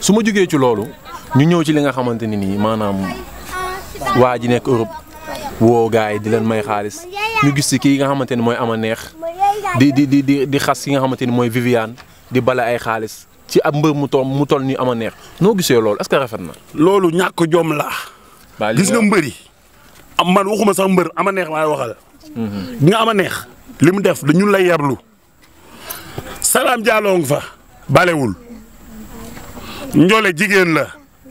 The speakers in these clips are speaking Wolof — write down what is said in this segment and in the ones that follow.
su ma jógee ci loolu ñu ñëw ci li nga xamante ni nii maanaam waa ji nekk Europe woo gars yi di leen may xaalis ñu gis ci kii nga xamante ni mooy a neex di di di di di xas ki nga xamante ni mooy Viviane di bala ay xaalis ci ab mbër mu toll mu am a neex noo gisee loolu est-ce que loolu ñàkk jom laa. gis nga mbëri am man waxuma sax mbër ama neex waaye waxal. Mhm. nga a neex. li mu def dañu lay yarlu salaam jaaloo nga fa. balewul. njole jigéen la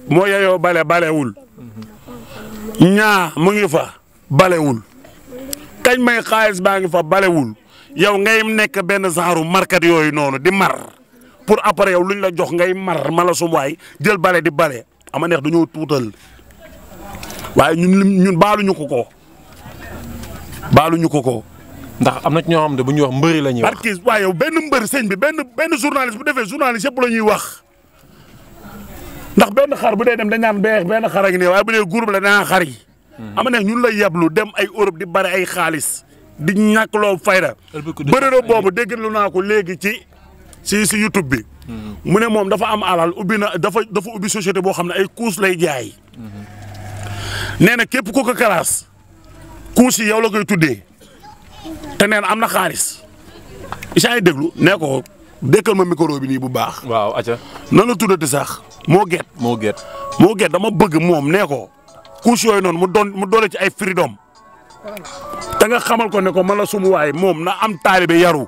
moo yeyoo bale balewul ñaa mu ngi fa balewul kañ may xaalis baa ngi fa balewul yow ngay nekk benn saaru markat yooyu noonu di mar pour après yow luñ la jox ngay mar mala sum waay jël bale di bale ama neex dañoo tuutal waaye ñun ñun baaluñu ko ko baaluñu ko ko. ndax am na ci ñoo xam ne bu ñuy wax mbëri la ñuy wax. waaye benn mbër sëñ bi benn benn journaliste bu defee journaliste yëpp la ñuy wax. ndax benn xar bu dee dem dañ naan bee benn xar ak ne waaye bu dee groupe la danaa xar yi. Hmm. am na ñun la yablu dem ay Europe di bare ay xaalis di ñàkk loo fayda. bërëb boobu dégg lu naa ko léegi ci si si bi. Hmm. mu ne moom dafa am alal ubbi na dafa dafa ubbi société boo xam ne ay kuus lay jaay. Hmm. nee na képp ku ko kalaas kuus yi yow la koy tuddee te nee am na xaalis isa yi déglu nee ko dëkkal ma micro bi nii bu baax. waaw acca nan la tuddati sax. moo geet moo get moo geet dama bëgg moom nee ko couche yooyu noonu mu doon mu doole ci ay freedom da nga xamal ko ne ko mala la waay moom na am taalibe yaru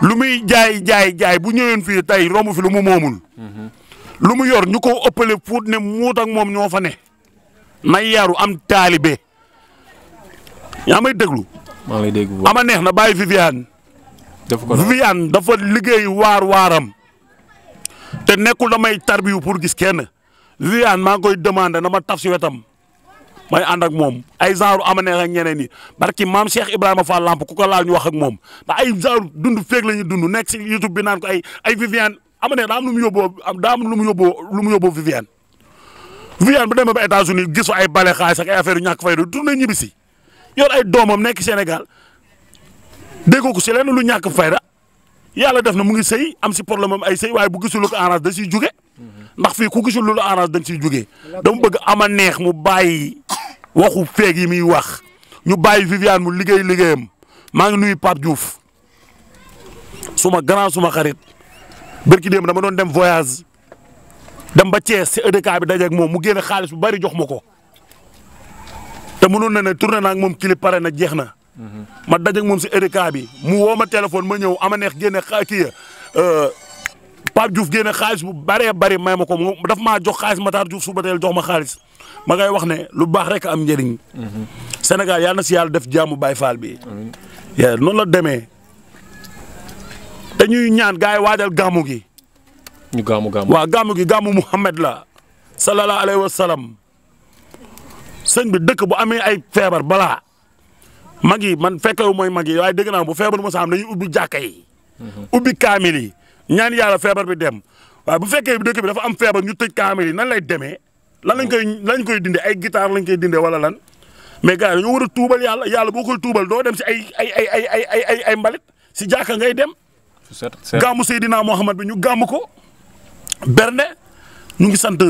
lu muy jaay jaay jaay bu ñëween fii tey romb fi lu mu moomul. Mm-hmm. lu mu yor ñu ko ëppale fuut ne muut ak moom ñoo fa ne. na yaru am taalibe yaa may déglu. maa ngi lay déglu ama neex na bàyyi Viviane. def ko Viviane dafa liggéey waar waaram. te nekkul damay tarbiyu pour gis kenn Viviane maa ngi koy demande na ma taf si wetam may ànd ak moom ay genre amane ak ñeneen yi barki maam Cheikh Ibrahima Fall Lamp ku ko laal ñu wax ak moom ndax ay genre dund feeg la ñu dund nekk si YouTube bi naan ko ay ay Viviane amane daa am lu mu yóbboo daa am lu mu yóbboo lu mu ba États-Unis gis fa ay bale xaalis ak ay affaire yu ñàkk fay doon si yor ay doomam nekk Sénégal déggoo ko si lenn lu ñàkk fayda yàlla def na mu ngi sey am si problème am ay sey waaye bu gisul lu ko da siy jóge ndax fii ku gisul lu la arrange dañ siy jóge dama bëgg ama neex mu bàyyi waxu feeg yi muy wax ñu bàyyi Viviane mu liggéey liggéeyam maa ngi nuy par Diouf suma grand suma xarit bërki démb dama doon dem voyage dem ba Thiès si EDK bi dajeeg moom mu génne xaalis bu bari jox ma ko te mënoon na ne tourné naa ak moom kili pare na jeex na ma dajeeg moom si Erika bi mu woo ma téléphone ma ñëw ama neex génne xa kii ya euh, Pape Diouf xaalis bu bëree bëri may ma ko mu daf ma jox xaalis Matar Diouf suba teel jox ma xaalis ma ngay wax ne lu baax rek am njëriñ. Sénégal yal na si yàlla def jàmm bay Fall bi. yaa noonu la demee dañuy ñaan gars yi waajal gàmmu gi. ñu gàmmu gàmmu waaw gàmmu gi gàmmu Muhammad la. sallallahu alayhi wa sallam dëkk bu amee ay feebar balaa. mag yi man fekkewu mooy mag yi waaye dëgg naa bu feebar mos saam am dañuy ubbi jàkka yi. Mhm. ubbi kaamil yi ñaan yàlla feebar bi dem waaye bu fekkee dëkk bi dafa am feebar ñu tëj kaamil yi nan lay demee. lan lañ koy mhm. lañ koy dindee ay guitare lañ koy dindee wala lan. mais gars ñu dañoo a tuubal yàlla yàlla boo koy tuubal doo dem si ay ay ay ay ay ay mbalit si jàkka ngay dem. gàmmu Seydina Mohamed bi ñu gàmm ko. berne ñu ngi sant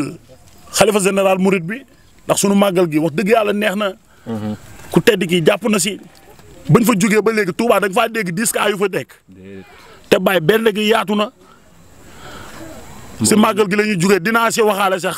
xalifa général Mouride bi ndax sunu màggal gi wax dëgg yàlla neex na. Mhm. ku tedd kii jàpp na si bañ fa jógee ba léegi Touba da nga faa dégg disque yu fa nekk te bay benn gi yaatu na si màggal gi la ñuy jógee dinaa si waxaale sax.